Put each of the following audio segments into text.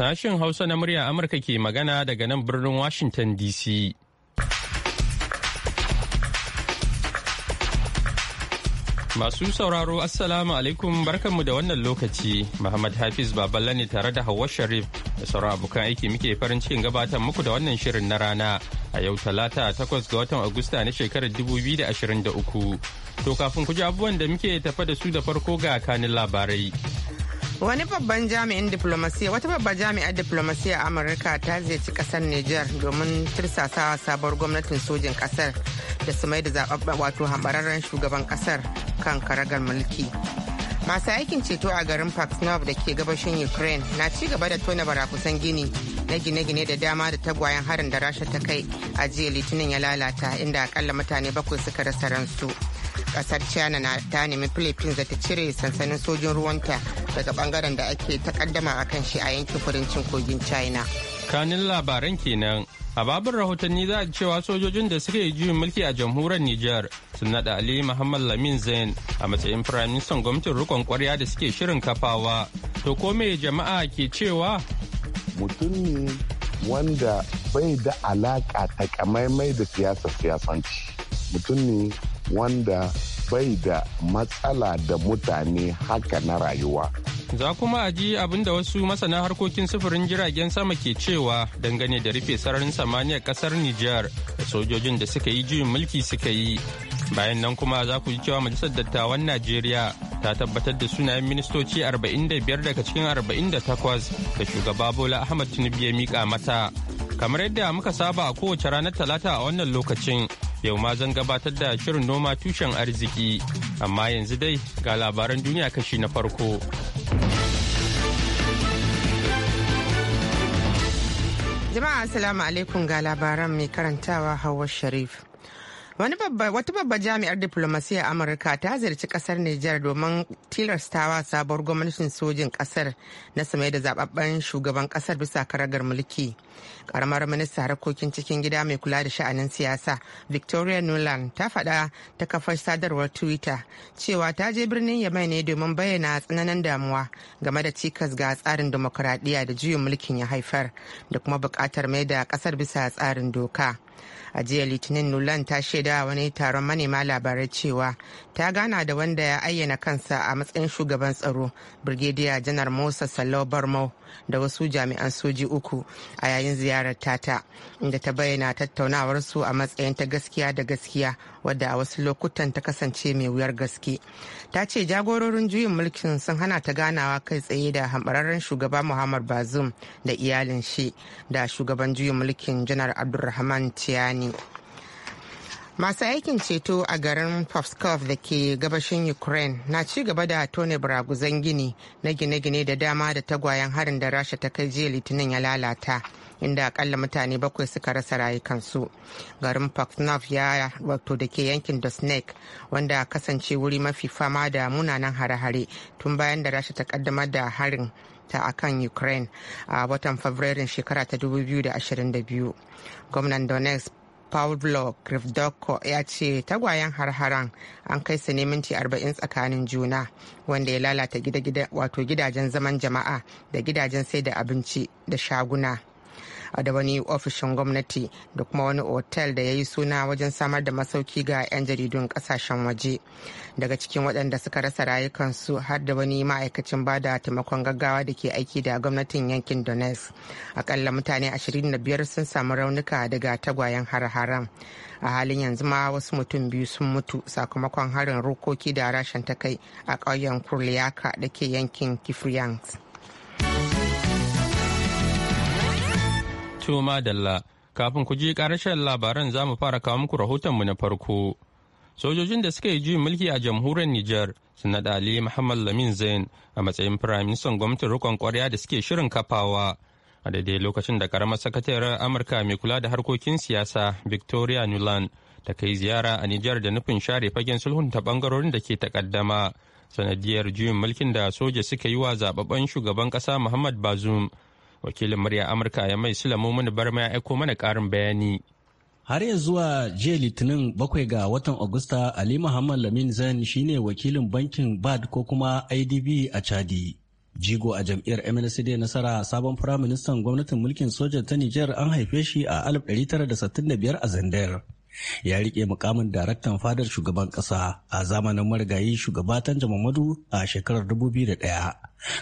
Sashen Hausa na murya Amurka ke magana daga nan birnin Washington DC. Masu sauraro Assalamu alaikum barkanmu da wannan lokaci. Muhammad Hafiz Baballa ne tare da Hauwa Sharif da sauran abokan aiki muke farin cikin gabatar muku da wannan shirin na rana a yau talata takwas ga watan Agusta na shekarar dubu biyu da da ashirin uku To kafin ku ji abubuwan da muke tafa da su da farko ga kanin labarai. Wani babban jami'in diplomasiya wata babbar jami'ar diplomasiya Amurka ta ziyarci kasar niger domin tirsasawa sabuwar gwamnatin sojin kasar da su mai da zababben wato hambararren shugaban kasar kan karagar mulki. Masu aikin ceto a garin Paxnov da ke gabashin Ukraine na ci gaba da tona barakusan gini na gine-gine da dama da tagwayen harin da Rasha ta kai a jiya Litinin ya lalata inda akalla mutane bakwai suka rasa ransu. kasar china na ta nemi philippines da ta cire sansanin sojin ruwanta daga bangaren da ake takaddama a kan shi a yankin kudancin kogin china kanin labaran kenan a babin rahotanni za a cewa sojojin da suka yi juyin mulki a jamhuriyar niger sun nada ali muhammad lamin zain a matsayin firaministan gwamnatin rikon kwarya da suke shirin kafawa to ko me jama'a ke cewa mutum ne wanda bai da alaka takamaimai da siyasa siyasanci mutum ne wanda bai da matsala da mutane haka na rayuwa. Za kuma a ji abin da wasu masana harkokin sufurin jiragen sama ke cewa dangane da rufe sararin samaniyar kasar Nijar da sojojin da suka yi juyin mulki suka yi. Bayan nan kuma za ku ji cewa Majalisar Dattawan Najeriya ta tabbatar da sunayen ministoci 45 daga cikin 48 da shugaba Bola Ahmad Tinubu ya mika mata. Kamar yadda muka saba a kowace ranar Talata a wannan lokacin Yau ma zan gabatar da shirin noma tushen arziki, amma yanzu dai ga labaran duniya kashi na farko. Jama'a Assalamu alaikum ga labaran mai karantawa hawa Sharif. wata babba jami'ar diplomasiyyar amurka ta ziyarci kasar niger domin tilastawa sabuwar gwamnatin sojin kasar na same da zababben shugaban kasar bisa karagar mulki karamar minista harkokin cikin gida mai kula da sha'anin siyasa victoria nuland ta faɗa ta kafar sadarwar twitter cewa ta je birnin yamai ne domin bayyana tsananin damuwa game da cikas ga tsarin dimokuraɗiyya da juyin mulkin ya haifar da kuma bukatar mai da ƙasar bisa tsarin doka a jiya litinin nulan ta shaida wani taron manema labarai cewa ta gana da wanda ya ayyana kansa a matsayin shugaban tsaro brigadier janar musa salo barmo da wasu jami'an soji uku a yayin ziyarar tata inda ta bayyana tattaunawar su a matsayin ta gaskiya da gaskiya wadda a wasu lokutan ta kasance mai wuyar gaske ta ce jagororin juyin mulkin sun hana ta ganawa kai tsaye da hambararren shugaba muhammad bazum da iyalin shi da shugaban juyin mulkin janar abdulrahman tiyani masu aikin ceto a garin Popskov da ke gabashin ukraine na ci gaba da tone baraguzan gini na gine-gine da dama da tagwayen harin da rasha ta kai jiya litinin ya lalata inda akalla mutane bakwai suka rasa rayukansu garin Popskov ya wato da ke yankin dosnek wanda kasance wuri mafi fama da munanan hare-hare tun bayan da rasha ta kaddamar da harin ta akan ukraine a watan fabrairun shekara ta 2022 gwamnan donetsk Pablo Krivdoko ya ce tagwayen har-haren an kai su ne minti 40 tsakanin juna wanda ya lalata wato gidajen zaman jama'a da gidajen sai da abinci da shaguna. a da wani ofishin gwamnati da kuma wani otel da ya yi suna wajen samar da masauki ga 'yan jaridun kasashen waje daga cikin waɗanda suka rasa rayukansu har da wani ma'aikacin ba da taimakon gaggawa da ke aiki da gwamnatin yankin donetsk akalla mutane 25 sun samu raunuka daga tagwayen har-haren a halin yanzu ma wasu mutum biyu sun mutu sakamakon harin rokoki da rashin takai a ƙauyen kurliyaka da ke yankin kifriyans tuma Dalla. kafin ku ji ƙarashen labaran za mu fara kawo muku mu na farko. Sojojin da suka yi juyin mulki a jamhuriyar Nijar sun naɗa Ali Muhammad Lamin Zain a matsayin firaministan gwamnatin rikon ƙwarya da suke shirin kafawa. A daidai lokacin da karamar sakataren Amurka mai kula da harkokin siyasa Victoria Nuland ta kai ziyara a Nijar da nufin share fagen sulhun ta bangarorin da ke takaddama sanadiyar juyin mulkin da soja suka yi wa zababben shugaban ƙasa Muhammad Bazoum. wakilin murya amurka ya mai silamu mini barma ya aiko mana karin bayani har yanzu zuwa jiya litinin bakwai ga watan agusta ali muhammad lamin zan shine wakilin bankin bad ko kuma idb a chadi jigo a jam'iyyar MNCD nasara sabon firaministan gwamnatin mulkin sojan ta Nijar an haife shi a 1965 a Zandar. ya rike mukamin daraktan fadar shugaban kasa a zamanin marigayi shugabatan jamamadu a shekarar 2001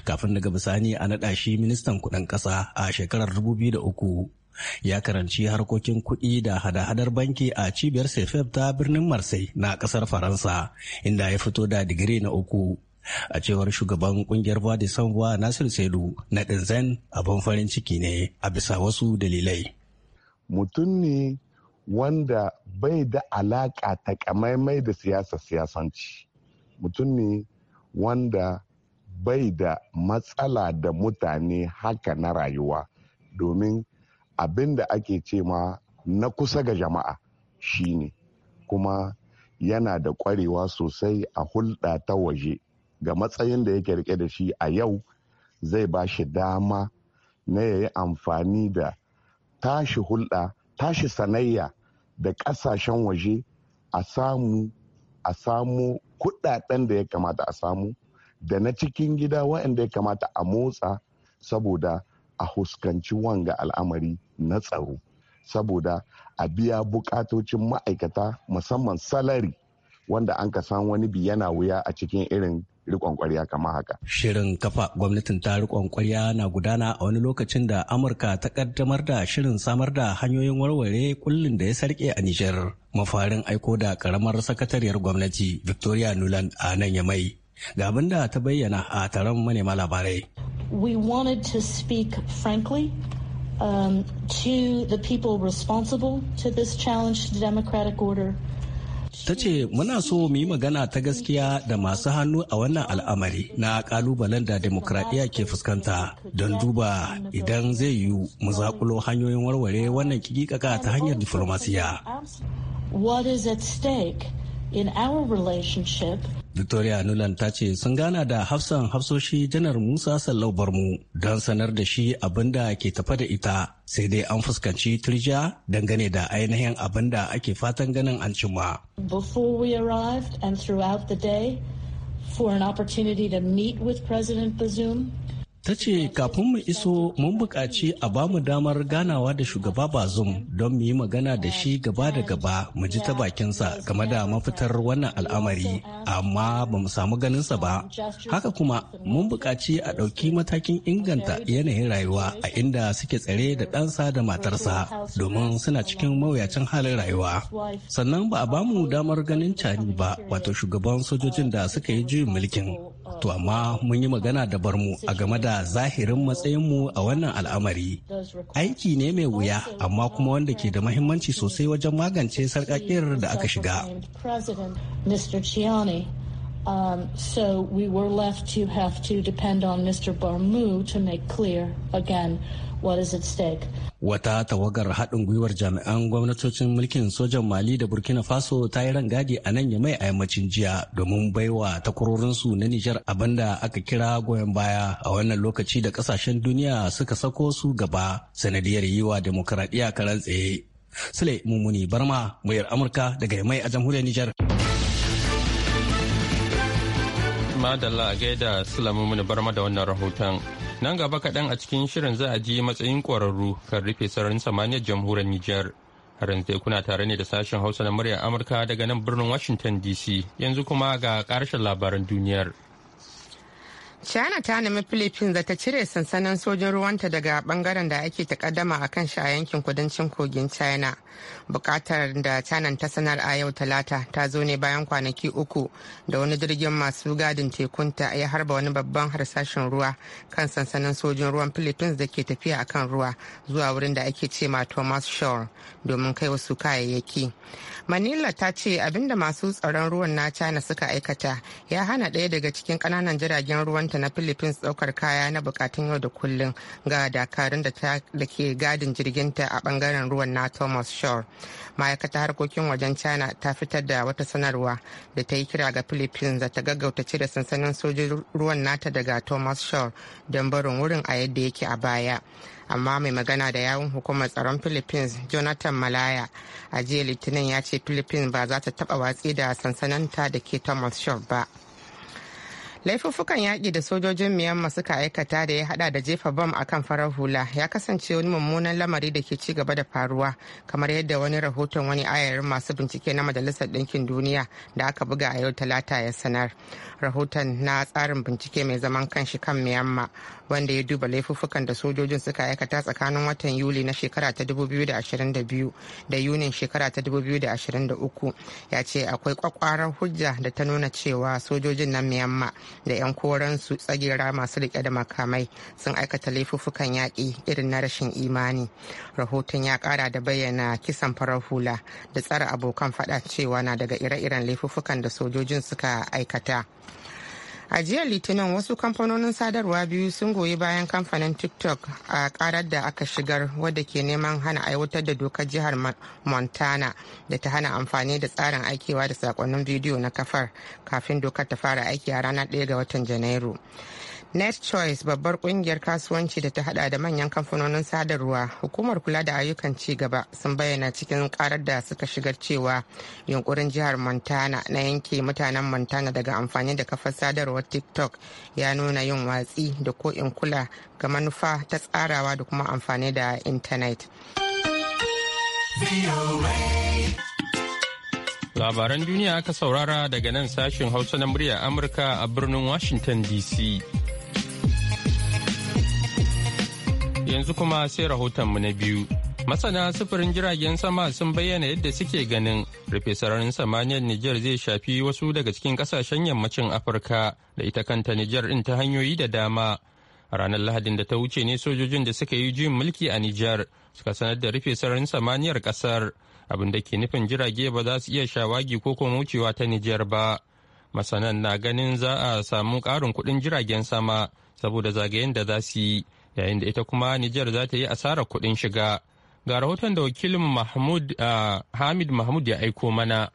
kafin daga bisani a naɗa shi ministan kudin kasa a shekarar 2003 ya karanci harkokin kuɗi da hada-hadar banki a cibiyar sefef ta birnin marseille na ƙasar faransa inda ya fito da digiri na uku a cewar shugaban kungiyar voix de saint nasir saidu na ɗinzen abin farin ciki ne a bisa wasu dalilai mutum ne wanda bai da alaƙa takamaimai da siyasa siyasanci mutum ne wanda bai da matsala da mutane haka na rayuwa domin abin da ake cewa na kusa ga jama'a shi ne kuma yana da ƙwarewa sosai a hulɗa ta waje ga matsayin da yake rike da shi a yau zai ba shi dama na yayi amfani da tashi hulɗa tashi sanayya da ƙasashen waje a samu a samo kuɗaɗen da ya kamata a samu da na cikin gida waɗanda ya kamata a motsa saboda a huskanci wanga al'amari na tsaro saboda a biya bukatocin ma'aikata musamman salari wanda an ka san wani biyana wuya a cikin irin rikon kwarya kamar haka. Shirin kafa gwamnatin ta rikon kwarya na gudana a wani lokacin da Amurka ta kaddamar da shirin samar da hanyoyin warware kullum da ya sarke a Nijar. Mafarin aiko da karamar sakatariyar gwamnati Victoria Nuland a nan ya mai. Ga abin da ta bayyana a taron manema labarai. We wanted to speak frankly um, to the people responsible to this challenge to democratic order. ta ce muna so mu yi magana ta gaskiya da masu hannu a wannan al'amari na kalubalen da demokradiyya ke fuskanta don duba idan zai yiwu mu zakulo hanyoyin warware wannan kikikaka ta hanyar diflomasiya. What is at stake in our relationship Victoria Nuland ta ce sun gana da hafsan hafsoshi janar Musa Sallau Barmu don sanar da shi abin da ke tafa da ita sai dai an fuskanci turja dangane da ainihin abin da ake fatan ganin an cimma. Before we arrived and throughout the day for an opportunity to meet with President Bazoum ta ce kafin mu iso mun buƙaci a ba mu damar ganawa da shugaba ba bazum don mu yi magana da shi gaba da gaba mu ji ta bakinsa game da mafitar wannan al'amari amma ba mu samu ganinsa ba haka kuma mun buƙaci a ɗauki matakin inganta yanayin rayuwa a inda suke tsare da ɗansa da matarsa domin suna cikin mawuyacin halin rayuwa sannan ba a ba mu damar ganin cani ba wato shugaban sojojin da suka yi juyin mulkin To amma mun yi magana da barmu a game da zahirin matsayinmu a wannan al'amari. Aiki ne mai wuya amma kuma wanda ke da mahimmanci sosai wajen magance sarƙaƙiyar da aka shiga. Um, so we were left to have to depend on Mr. Barmu to make clear again what Wata tawagar haɗin gwiwar jami'an gwamnatocin mulkin sojan Mali da Burkina Faso ta yi rangadi a nan ya mai a yammacin jiya domin baiwa takwarorinsu na Nijar abinda aka kira goyon baya a wannan lokaci da ƙasashen duniya suka sako su gaba sanadiyar yiwa demokaradiyya karan tsaye. Sule Mummuni Barma, muyar Amurka daga mai a jamhuriyar Nijar. Madalla a gaida Sule Mummuni Barma da wannan rahoton. Nan gaba kaɗan a cikin shirin za a ji matsayin ƙwararru kan rufe sararin samaniyar jamhuriyar Nijar. Har yanzu kuna tare ne da sashen Hausa na muryar Amurka daga nan birnin Washington DC. Yanzu kuma ga ƙarshen labaran duniyar. China ta nemi Philippines da ta cire sansanin sojin ruwanta daga bangaren da ake takaddama a kan shi a yankin kudancin kogin China. Bukatar da China ta sanar a yau talata ta zo ne bayan kwanaki uku da wani jirgin masu gadin tekunta ya harba wani babban harsashin ruwa kan sansanin sojin ruwan Philippines da ke tafiya a kan ruwa zuwa wurin da ake ce ma Thomas Shore domin kai wasu kayayyaki. Manila ta ce abinda masu tsaron ruwan na China suka aikata ya hana ɗaya daga cikin ƙananan jiragen ruwan takwarorinta na philippines daukar kaya na bukatun yau da kullum ga dakarun da ke gadin jirginta a bangaren ruwan na thomas shore ma'aikatar harkokin wajen china ta fitar da wata sanarwa da ta yi kira ga philippines da ta gaggauta cire sansanin sojin ruwan nata daga thomas shore don barin wurin a yadda yake a baya amma mai magana da yawun hukumar tsaron philippines jonathan malaya a jiya litinin ya ce philippines ba za ta taba watsi da sansananta da ke thomas shore ba laifuffukan yaƙi da sojojin myanmar suka aikata da ya hada da jefa bom a kan farar hula ya kasance wani mummunan lamari da ke ci gaba da faruwa kamar yadda wani rahoton wani ayarin masu bincike na majalisar ɗinkin duniya da aka buga a yau talata ya sanar rahoton na tsarin bincike mai zaman kanshi kan myanmar wanda ya duba laifuffukan da sojojin suka aikata tsakanin watan yuli na shekara ta 2022 da yunin shekara ta 2023 ya ce akwai kwakwaran hujja da ta nuna cewa sojojin na myanmar da 'yan koransu tsagera masu rike da makamai sun aikata laifuffukan yaƙi irin na rashin imani rahoton ya ƙara da bayyana kisan farar hula da tsara abokan faɗa cewa na daga ire-iren laifuffukan da sojojin suka aikata a jiya litinin wasu kamfanonin sadarwa biyu sun goyi bayan kamfanin tiktok a karar da aka shigar wadda ke neman hana aiwatar da dokar jihar montana da ta hana amfani da tsarin aikewa da sakonnin bidiyo na kafar kafin dokar ta fara aiki a ranar 1 ga watan janairu net choice babbar kungiyar kasuwanci da ta hada da manyan kamfanonin sadarwa hukumar kula da ayyukan ci gaba sun bayyana cikin karar da suka shigar cewa yunkurin jihar montana na yanke mutanen montana daga amfani da kafar sadarwar tiktok ya nuna yin watsi da ko'in kula ga manufa ta tsarawa da kuma amfani da intanet labaran duniya aka saurara daga nan sashin hausa na murya amurka a birnin washington dc Yanzu kuma sai rahoton mu na biyu. Masana sufurin jiragen sama sun bayyana yadda suke ganin rufe sararin samaniyar Nijar zai shafi wasu daga cikin kasashen yammacin Afirka da ita kanta Nijar in ta hanyoyi da dama. ranar Lahadin da ta wuce ne sojojin da suka yi jin mulki a Nijar suka sanar da rufe sararin samaniyar kasar abin da ke nufin jirage ba za su iya shawagi ko kuma wucewa ta Nijar ba. Masanan na ganin za a samu ƙarin kuɗin jiragen sama saboda zagayen da za su yi yayin da ita kuma Nijar za ta yi asarar kuɗin shiga. Ga rahoton da wakilin ah, Hamid Mahmud ya aiko mana.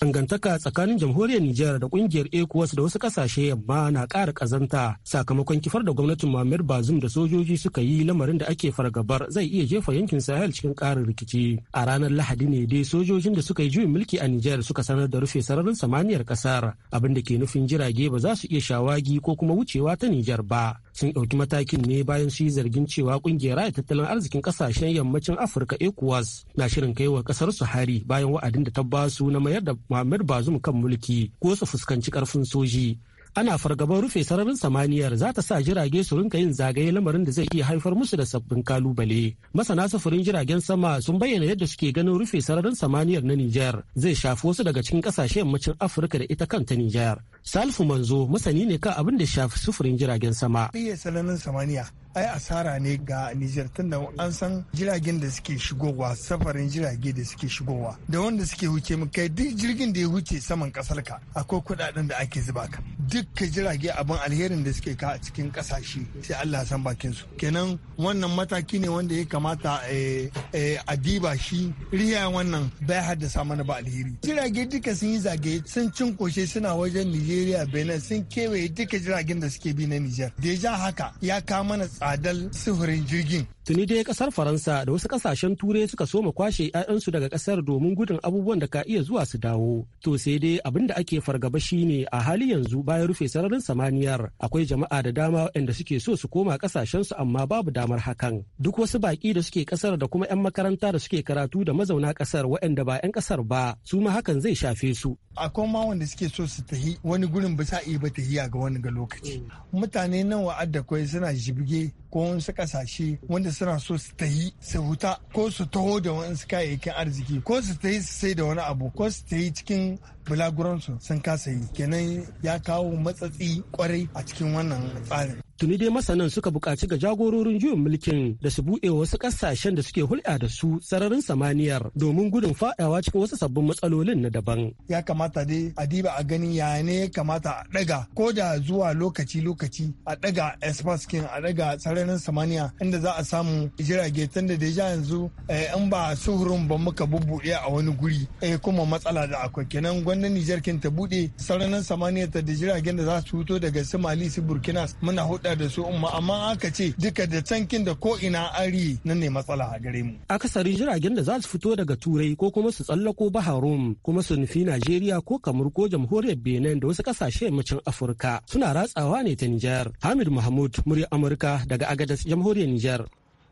dangantaka tsakanin jamhuriyar Nijar da kungiyar ECOWAS da wasu kasashe yamma na ƙara ƙazanta sakamakon kifar da gwamnatin Muammar Bazum da sojoji suka yi lamarin da ake fargabar zai iya jefa yankin Sahel cikin ƙarin rikici. A ranar Lahadi ne dai sojojin da suka yi juyin mulki a Nijar suka sanar da rufe sararin samaniyar ƙasar abin da ke nufin jirage ba za su iya shawagi ko kuma wucewa ta Nijar ba. Sun ɗauki matakin ne bayan su yi zargin cewa kungiyar raya tattalin arzikin ƙasashen yammacin Afirka ECOWAS na shirin kaiwa ƙasar su hari bayan wa'adin da ta basu na mayar da Muhammad Bazum kan mulki ko su fuskanci karfin soji. Ana fargaban rufe sararin samaniyar za ta sa jirage su rinka yin zagaye lamarin da zai iya haifar musu da sabbin kalubale. Masana sufurin jiragen sama sun bayyana yadda suke ganin rufe sararin samaniyar na Nijar zai shafi wasu daga cikin kasashe yammacin Afirka da ita kanta Nijar. Salfu Manzo masani ne kan abin da shafi sufurin jiragen sama. sararin samaniya ai asara ne ga Nijar tunda an san jiragen da suke shigowa safarin jirage da suke shigowa da wanda suke huce mu kai duk jirgin da ya huce saman kasar ka akwai kudaden da ake zuba ka dukkan jirage abin alherin da suke ka a cikin kasashe sai Allah san bakin su kenan wannan mataki ne wanda ya kamata eh, eh, a diba shi riya wannan bai haddasa mana ba alheri jirage duka sun yi zage sun cin suna wajen Nijeriya Benin sun kewaye duka jiragen da suke bi na Nijar da ya ja haka ya kawo mana adal sufurin jirgin tuni dai kasar faransa da wasu kasashen turai suka soma kwashe 'ya'yansu daga kasar domin gudun abubuwan da ka iya zuwa su dawo to sai dai abin da ake fargaba shine a hali yanzu bayan rufe sararin samaniyar akwai jama'a da dama waɗanda suke so su koma kasashen su amma babu damar hakan duk wasu baki da suke kasar da kuma 'yan makaranta da suke karatu da mazauna kasar waɗanda ba 'yan kasar ba su ma hakan zai shafe su akwai ma wanda suke so su tafi wani gurin ba sa iya ba tafiya ga wani ga lokaci mutane nan wa'adda kai suna jibge ko wasu kasashe wanda suna so su ta yi su huta ko su taho da wani kayayyakin arziki ko su yi su sai da wani abu ko su ta yi cikin bulaguransu sun kasa yi kenan ya kawo matsatsi kwarai a cikin wannan tsarin tuni dai masanan suka buƙaci ga jagororin juyin mulkin da su buɗe wasu ƙasashen da suke hulɗa da su sararin samaniyar domin gudun faɗawa cikin wasu sabbin matsalolin na daban. Ya kamata dai a diba a gani ya ne ya kamata a ɗaga ko da zuwa lokaci-lokaci a ɗaga espaskin a ɗaga sararin samaniya inda za a samu jirage tunda da deja yanzu eh, in ba suhurin ba muka bubbuɗe a wani guri eh, kuma matsala da akwai kenan kamar Nijar kin ta bude sararin samaniya ta da jiragen da za su fito daga su Mali su Burkina muna hudda da su umma amma aka ce duka da tankin da ko ina ari nan ne matsala a gare mu. Akasarin jiragen da za su fito daga Turai ko kuma su tsallako Baharum kuma su nufi Najeriya ko Kamar ko Jamhuriyar Benin da wasu kasashe yammacin Afirka suna ratsawa ne ta Nijar. Hamid Mahmud murya Amurka daga Agadas Jamhuriyar Nijar.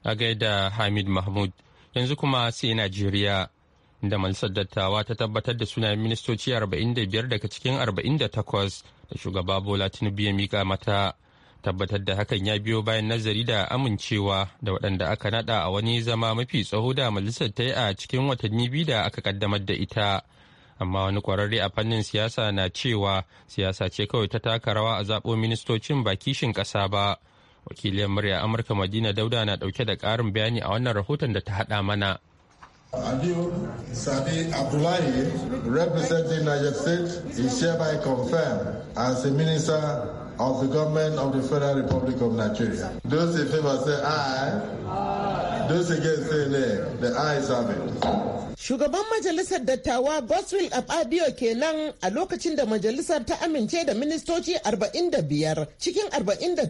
A gaida Hamid Mahmud yanzu kuma sai Najeriya da malisar Dattawa ta tabbatar da sunayen ministoci 45 daga cikin 48 da shugaba Bola Tinubu ya mika mata. Tabbatar da hakan ya biyo bayan nazari da amincewa da waɗanda aka nada a wani zama mafi tsaho da majalisar ta yi a cikin watanni biyu da aka kaddamar da ita. Amma wani kwararre a fannin siyasa na cewa siyasa ce kawai ta taka rawa a zaɓo ministocin ba kishin ƙasa ba. Wakiliyar murya Amurka Madina Dauda na ɗauke da ƙarin bayani a wannan rahoton da ta haɗa mana. Aliu Sadi Abdullahi, representing Niger State, is hereby confirmed as the minister of the government of the Federal Republic of Nigeria. Those in favor say aye. Those against say nay. The ayes have it. Shugaban Majalisar Dattawa Goswill Abadio kenan a lokacin da majalisar ta amince da ministoci 45 cikin 48 da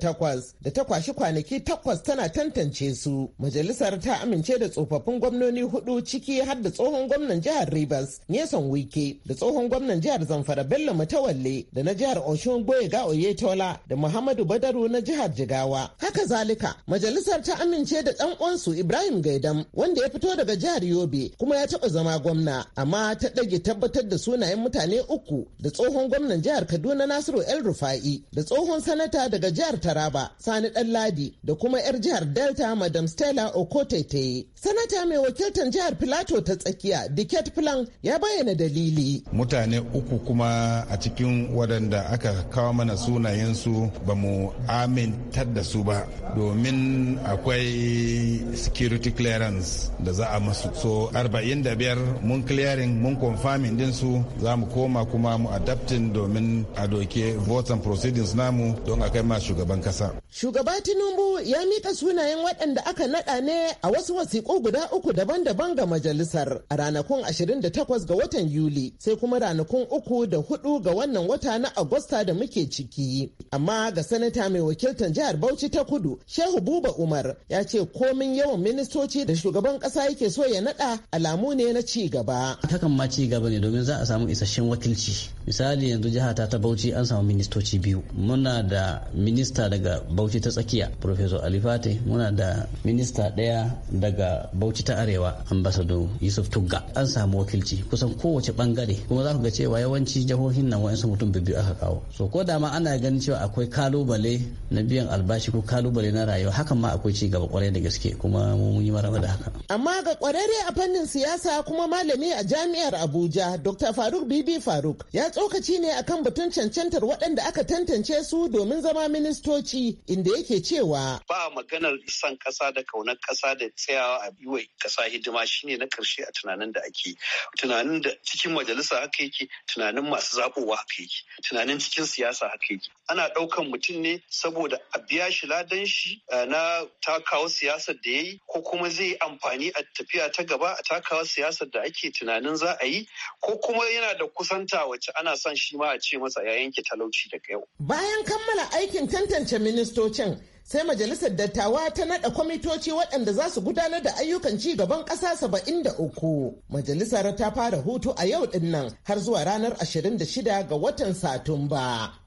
ta kwashi kwanaki takwas tana tantance su. Majalisar ta amince da tsofaffin gwamnoni hudu ciki har da tsohon gwamnan jihar Rivers Nyesom Wike da tsohon gwamnan jihar Zamfara Bello Matawalle da na jihar Oshun Boyega Oyetola Bola da Muhammadu Badaru na jihar Jigawa. Haka zalika, majalisar ta amince da ɗan uwansu Ibrahim Gaidam wanda ya fito daga jihar Yobe kuma ya taɓa zama gwamna, amma ta ɗage tabbatar da sunayen mutane uku da tsohon gwamnan jihar Kaduna Nasiru El Rufa'i da tsohon sanata daga jihar Taraba Sani Ɗanladi da kuma 'yar jihar Delta Madam Stella Okotaitaye. Sanata mai wakiltar jihar Filato ta tsakiya Diket Plan ya bayyana dalili. Mutane uku kuma a cikin waɗanda aka kawo mana sunayen su ba mu amintar da su ba domin akwai security clearance da za a masu so 45 mun clearing mun confirming din su za mu koma kuma mu adapting domin a doke votes and proceedings namu don a kai ma shugaban kasa shugaba tinubu ya mika sunayen waɗanda aka naɗa ne a wasu wasiƙu guda uku daban-daban ga majalisar a ranakun 28 ga watan yuli sai kuma ranakun uku da hudu ga wannan wata na agusta da muke ciki Amma ga sanata mai wakiltar jihar Bauchi ta kudu Shehu Buba Umar ya ce komin yawan ministoci da shugaban kasa yake so ya naɗa alamu ne na ci gaba. Hakan ma ci gaba ne domin za a samu isasshen wakilci. Misali yanzu jiha ta ta Bauchi an samu ministoci biyu. Muna da minista daga Bauchi ta tsakiya Professor Ali fati muna da minista daya daga Bauchi ta Arewa Ambassador Yusuf Tugga. An samu wakilci kusan kowace bangare kuma za ku ga cewa yawanci jihohin nan wa'ansu mutum biyu aka kawo. So ko da ma ana ganin cewa akwai kalubale na biyan albashi ko kalubale na rayuwa hakan ma akwai ci gaba kwarai da gaske kuma mun yi maraba da haka amma ga kwararre a fannin siyasa kuma malami a jami'ar Abuja Dr Faruk Bibi Faruk ya tsokaci ne akan batun cancantar waɗanda aka tantance su domin zama ministoci inda yake cewa ba maganar san kasa da kaunar kasa da tsayawa a biwa kasa hidima shine na karshe a tunanin da ake tunanin da cikin majalisa haka yake tunanin masu zabowa haka yake tunanin cikin siyasa haka yake ana ɗaukan mutum ne saboda a biya shi ladan shi eh, na takawa siyasar da ya yi ko kuma zai yi amfani a tafiya ta gaba a takawa siyasar da ake tunanin za a yi ko kuma yana da kusanta wacce ana son shi ma a ce masa ya yanke talauci daga yau. Bayan kammala aikin tantance ministocin sai majalisar dattawa ta naɗa kwamitoci waɗanda za su gudanar da ayyukan ci gaban ƙasa saba'in da uku. Majalisar ta fara hutu a yau ɗin nan har zuwa ranar da shida ga watan Satumba.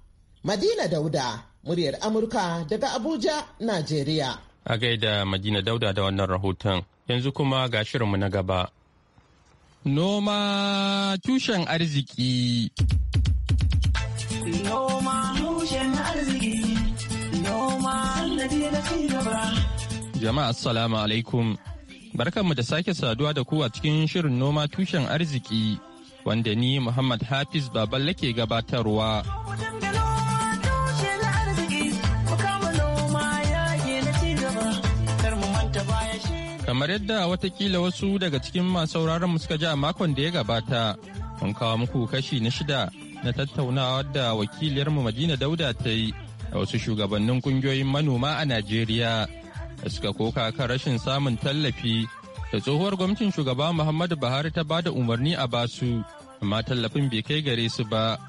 Madina Dauda, muryar Amurka daga Abuja, Najeriya. A gaida Madina Dauda da wannan rahoton, yanzu kuma ga shirinmu na gaba. Noma tushen arziki. Noma tushen arziki. Noma Jama'a assalamu alaikum. Barkanmu da sake saduwa da ku a cikin shirin noma tushen arziki wanda ni Muhammad Hafiz Baballe ke gabatarwa. kamar yadda watakila wasu daga cikin masu mu suka ja makon da ya gabata mun kawo muku kashi na shida na tattaunawa da wakiliyarmu madina dauda ta yi da wasu shugabannin kungiyoyin manoma a najeriya da suka koka kan rashin samun tallafi da tsohuwar gwamnatin shugaba muhammadu buhari ta bada umarni a basu amma tallafin bai kai gare su ba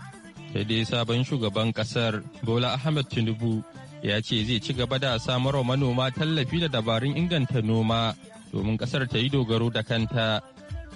sai dai sabon shugaban kasar bola ahmed tinubu ya ce zai ci gaba da samarwa manoma tallafi da dabarun inganta noma domin kasar ta yi dogaro da kanta.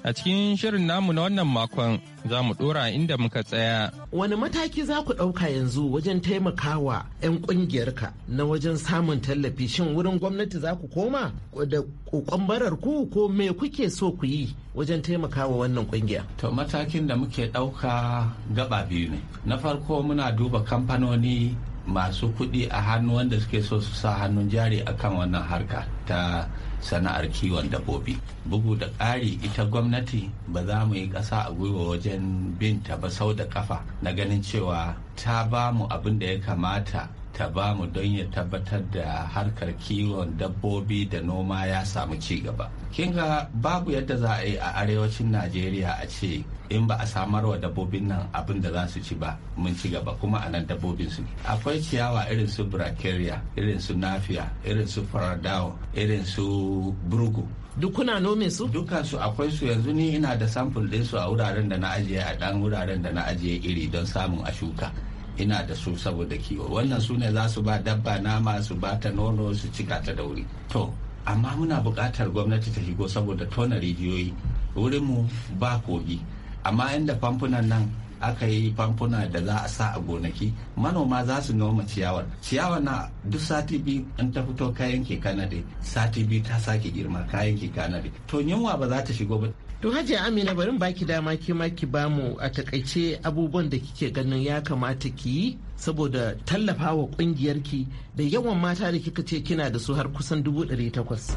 A cikin shirin namu na wannan makon za mu dora inda muka tsaya. Wani mataki za ku ɗauka yanzu wajen taimakawa 'yan ƙungiyarka na wajen samun tallafi shin wurin gwamnati za ku koma da ƙwambarar ku ko me kuke so ku yi wajen taimakawa wannan ƙungiya? To matakin da muke ɗauka gaba biyu ne. Na farko muna duba kamfanoni masu kuɗi a hannu wanda suke so su sa hannun jari akan wannan harka ta sana'ar kiwon dabbobi bugu da ƙari ita gwamnati ba za mu yi ƙasa a gwiwa wajen binta ba sau da kafa na ganin cewa ta ba mu abin da ya kamata ta bamu don ya tabbatar da harkar kiwon dabbobi da noma ya samu cigaba. gaba. Kinga babu yadda za a yi a arewacin Najeriya a ce in ba a samar wa dabbobin nan abin da za su ci ba mun ci gaba kuma a nan dabbobin su akwai ciyawa irin su bracharia irin su nafiya irin su faradao irin su burgu dukuna nome su duka su akwai su yanzu ni ina da sample din su a wuraren da na ajiye a dan wuraren da na ajiye iri don samun a shuka ina da su saboda kiwo wannan su ne za su ba dabba nama su ba ta nono su cika ta da wuri to amma muna buƙatar gwamnati ta shigo saboda tona rijiyoyi wurin mu ba kogi amma inda famfunan nan aka yi famfuna da za a sa a gonaki manoma za su noma ciyawar ciyawar na duk sati biyu in ta fito kayan ke kanade sati biyu ta sake girma kayan ke kanade to yunwa ba za ta shigo ba To Hajiya Amina bari baki dama ke ma ki bamu a takaice abubuwan da kike ganin ya kamata ki yi saboda tallafa wa kungiyarki da yawan mata da kika ce kina da su har kusan dubu ɗari takwas.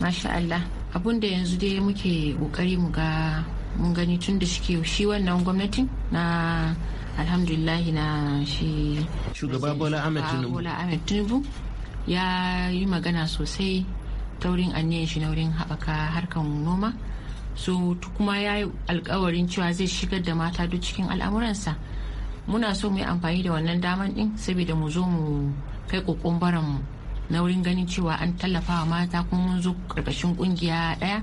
Masha Allah abun da yanzu dai muke kokari mu ga mun gani tun da shike shi wannan gwamnatin na alhamdulillahi na shi shugaba Bola Ahmed Tinubu. ya yi magana sosai taurin anniyan shi na wurin haɓaka harkan noma. so kuma ya yi alkawarin cewa zai shigar da mata duk cikin al'amuransa muna so mu yi amfani da wannan daman din saboda mu zo mu kai kokon mu na wurin ganin cewa an tallafa wa mata kuma mun zo karkashin kungiya daya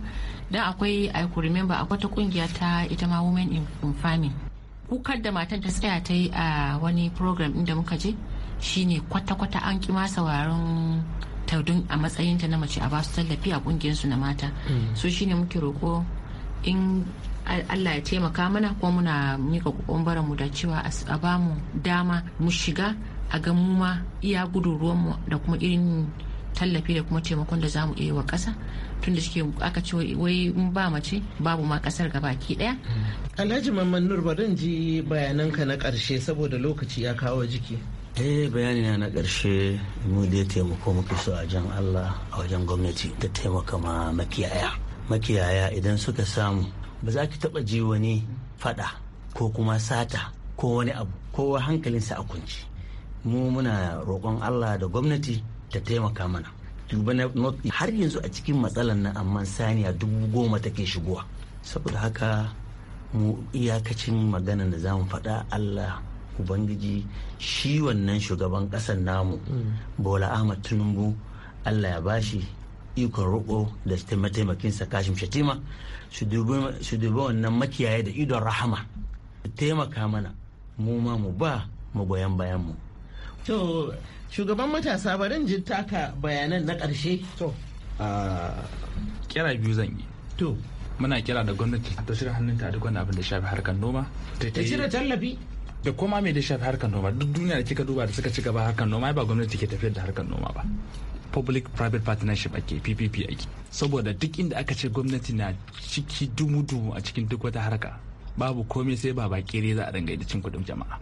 dan akwai i could remember akwai ta kungiya ta ita ma women in farming kukar da matan ta tsaya ta yi a wani program inda muka je shine kwata-kwata an ki masa warin taudun a matsayinta na mace a basu tallafi a kungiyarsu na mata mm. so shine muke roko in Allah ya taimaka mana ko muna mika kokumbaran mu da cewa a bamu dama mu shiga a ga mu ma iya gudun ruwanmu da kuma irin tallafi da kuma taimakon da zamu iya wa ƙasa tunda suke aka ce wai ba mace babu ma kasar baki daya. Alhaji Mamman Nur baran ji bayananka na karshe saboda lokaci ya kawo jiki. eh bayani na na ƙarshe mu da taimako muke so a jan Allah a wajen gwamnati da taimaka ma makiyaya makiyaya idan suka samu ba za ki taba ji wani fada ko kuma sata ko wani abu kowa hankalinsa a kunci mu muna roƙon allah da gwamnati ta taimaka mana har yanzu a cikin matsalar nan amma saniya dubu goma take shigowa saboda haka mu iyakacin magana da za mu faɗa allah ubangiji shi wannan shugaban ƙasar namu mm. bola ahmad tinubu allah ya bashi ikon roƙo da mataimakinsa kashim shatima su dubi wannan makiyaye da idon rahama taimaka mana mu ma mu ba mu goyon bayan mu to shugaban matasa barin jin taka bayanan na ƙarshe to ah, kira biyu zan yi to muna kira da gwamnati ta shirya ta duk wani abin da shafi harkar noma ta shirya tallafi da koma mai da shafi harkar noma duk duniya da kika duba da suka ci gaba harkar noma ba gwamnati ke tafiyar da harkar noma ba public private partnership ake ppp ake saboda duk inda aka ce gwamnati na ciki dumu-dumu a cikin duk wata harka babu komai sai ba ne za a dinga da cin kuɗin jama'a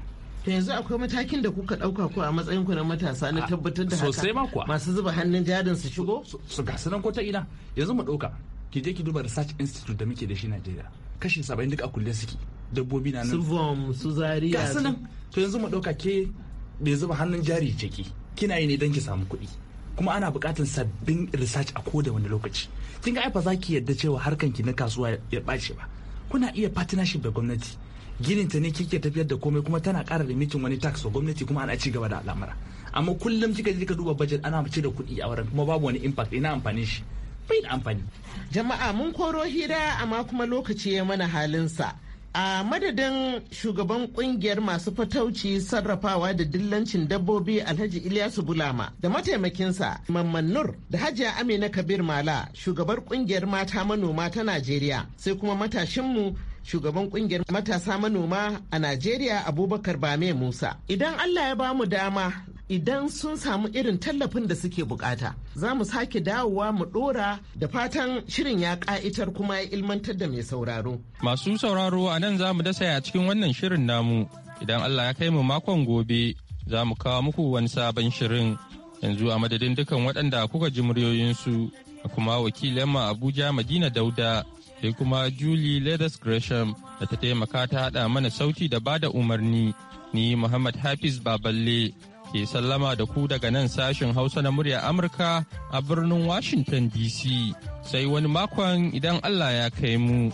to yanzu akwai matakin da kuka dauka ko a matsayin ku na matasa na tabbatar da haka masu zuba hannun jarin su shigo su gasu nan ko ta ina yanzu mu dauka ki je ki duba research institute da muke da shi Najeriya kashi 70 duk a kulle suke dabbobi na nan su vom su zariya gasu nan to yanzu mu dauka ke bai zuba hannun jari ce ki kina yi ne don ki samu kuɗi kuma ana bukatar sabbin research a ko da wani lokaci kin ga ai ba za ki yarda cewa harkan ki na kasuwa ya bace ba kuna iya partnership da gwamnati ginin ta ne kike tafiyar da komai kuma tana ƙara limitin wani tax wa gwamnati kuma ana ci gaba da al'amura amma kullum kika je ka duba budget ana mace da kuɗi a wurin kuma babu wani impact ina amfani shi bai da amfani jama'a mun koro hira amma kuma lokaci ya mana halin sa. a madadin shugaban kungiyar masu fatauci sarrafawa da dillancin dabbobi alhaji ilyasu bulama da mataimakinsa mamman nur da hajiya amina kabir mala shugabar kungiyar mata manoma ta najeriya sai kuma matashinmu shugaban kungiyar matasa manoma a najeriya abubakar bame musa idan allah ya bamu dama idan sun samu irin tallafin da suke bukata za mu sake dawowa mu dora da fatan shirin ya ka'itar kuma ya ilmantar da mai sauraro masu sauraro a nan za mu dasa a cikin wannan shirin namu idan allah ya kai mu makon gobe za mu kawo muku wani sabon shirin yanzu a madadin dukan waɗanda kuka ji muryoyinsu da kuma wakilin abuja madina dauda sai kuma Julie Leathers Gresham da ta taimaka ta haɗa mana sauti da bada umarni. Ni Muhammad Hafiz Baballe ke sallama da ku daga nan sashin Hausa na murya Amurka a birnin Washington DC. Sai wani makon idan Allah ya kai mu.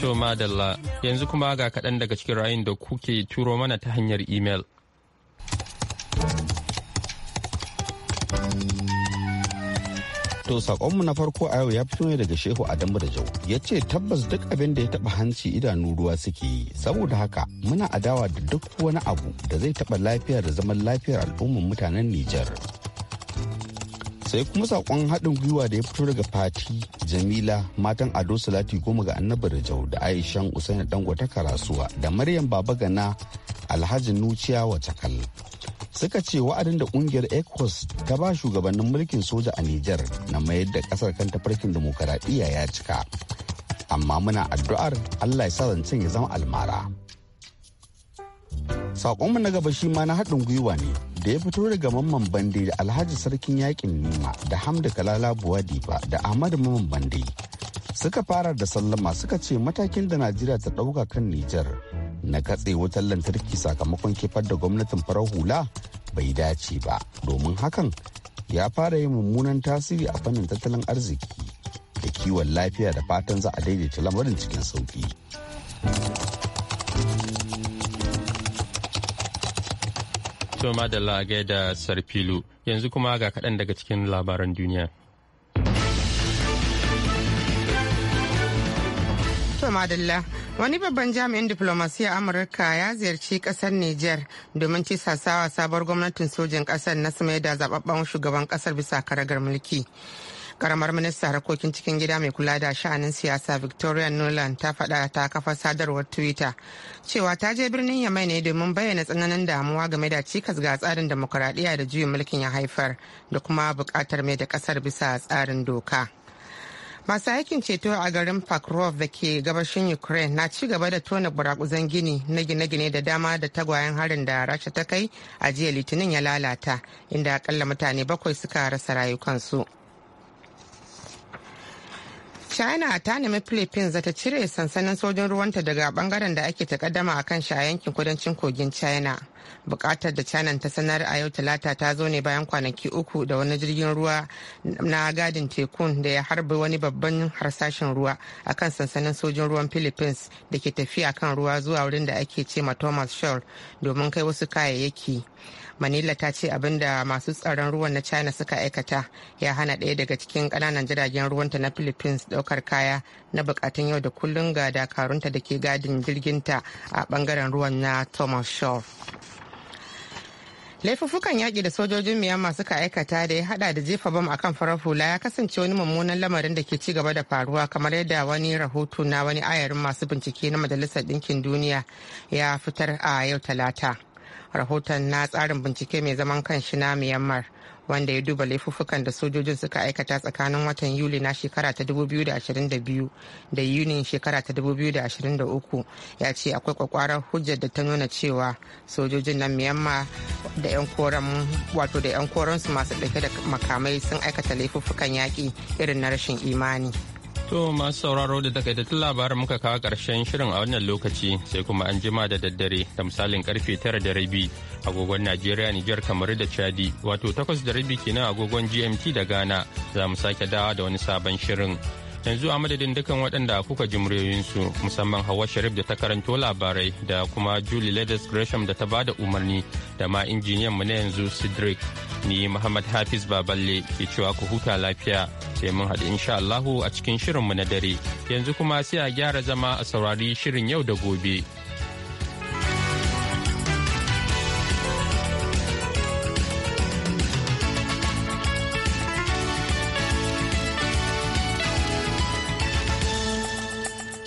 To madalla yanzu kuma ga kaɗan daga cikin ra'ayin da kuke turo mana ta hanyar imel. To sakonmu na farko a yau ya fito ne daga Shehu Adamu da Jau. Ya ce tabbas duk abin da ya taba hanci idanu ruwa suke yi. Saboda haka muna adawa da duk wani abu da zai taba lafiya da zaman lafiyar al'ummar mutanen Nijar. sai kuma sakon haɗin gwiwa da ya fito daga fati jamila matan ado salati goma ga da jau da aishan usaini Dangote karasuwa da maryam baba gana alhaji nuciya wacakal suka ce wa'adin da kungiyar ecos ta ba shugabannin mulkin soja a niger na mayar da kasar kan tafarkin demokaradiyya ya cika amma muna addu'ar allah ya sa zancen ya zama almara saƙonmu na gaba shi ma na haɗin gwiwa ne da ya fito daga mamman bande da alhaji sarkin yaƙin nima da hamda kalala buwadifa da ahmadu mamman bande suka fara da sallama suka ce matakin da najeriya ta dauka kan nijar na katse wutar lantarki sakamakon kifar da gwamnatin farar hula bai dace ba domin hakan ya fara yin mummunan tasiri a fannin tattalin arziki da kiwon lafiya da fatan za a daidaita lamarin cikin sauki To da a da Sarfilu yanzu kuma ga kaɗan daga cikin labaran duniya. madalla wani babban jami'in diplomasiya Amurka ya ziyarci kasar Nijar domin ci sasawa sabuwar gwamnatin sojin kasar na sama da zababban shugaban kasar bisa karagar mulki. karamar minista harkokin cikin gida mai kula da sha'anin siyasa victoria nolan ta faɗa ta kafa sadarwar twitter cewa ta je birnin yamai ne domin bayyana tsananin damuwa game da cikas ga tsarin demokuraɗiyya da juyin mulkin ya haifar da kuma buƙatar mai da ƙasar bisa tsarin doka. Masu aikin ceto a garin Pakrov da ke gabashin Ukraine na ci gaba da tona burakuzan gini na gine-gine da dama da tagwayen harin da Rasha ta kai a jiya Litinin ya lalata, inda akalla mutane bakwai suka rasa rayukansu. china ta nemi philippines da ta cire sansanin sojin ruwanta daga bangaren da ake takaddama a kan shi a yankin kudancin kogin china bukatar da china ta sanar a yau talata ta zo ne bayan kwanaki uku da wani jirgin ruwa na gadin tekun da ya harbi wani babban harsashin ruwa a kan sansanin sojin ruwan philippines da ke tafiya kan ruwa zuwa wurin da ake ce ma thomas shell domin kai wasu kayayyaki manila ta ce abin da masu tsaron ruwan na china suka aikata ya hana ɗaya daga cikin ƙananan jiragen ruwanta na philippines ɗaukar kaya na bukatun yau da kullun ga dakarunta da ke gadin jirginta a ɓangaren ruwan na thomas shaw laifuffukan yaƙi da sojojin myanmar suka aikata da ya hada da jefa bom akan farar hula ya kasance wani mummunan lamarin da ke ci gaba da faruwa kamar yadda wani rahoto na wani ayarin masu bincike na majalisar ɗinkin duniya ya fitar a yau talata rahoton na tsarin bincike mai zaman kan shi na myanmar wanda ya duba laifuffukan da sojojin suka aikata tsakanin watan yuli na shekara ta 2022 da yunin shekara ta 2023 ya ce akwai kwakwaran hujjar da ta nuna cewa sojojin na myanmar wato da 'yan koransu masu ɗauke da makamai sun aikata laifuffukan yaƙi irin na rashin imani. To masu sauraro da takaitattun labarin muka kawo ƙarshen shirin a wannan lokaci sai kuma an jima da daddare da misalin karfe tara da rabi agogon Najeriya Nijar kamar da Chadi wato takwas da rabi kenan agogon GMT da Ghana za mu sake dawa da wani sabon shirin. yanzu a madadin dukan waɗanda kuka ji muryoyinsu musamman hawa sharif da ta karanto labarai da kuma julie ladis gresham da ta ba da umarni da ma injiniyan mu na yanzu sidrik ni muhammad hafiz baballe ke cewa ku huta lafiya sai mun haɗu insha allahu a cikin shirin mu na dare yanzu kuma sai a gyara zama a saurari shirin yau da gobe.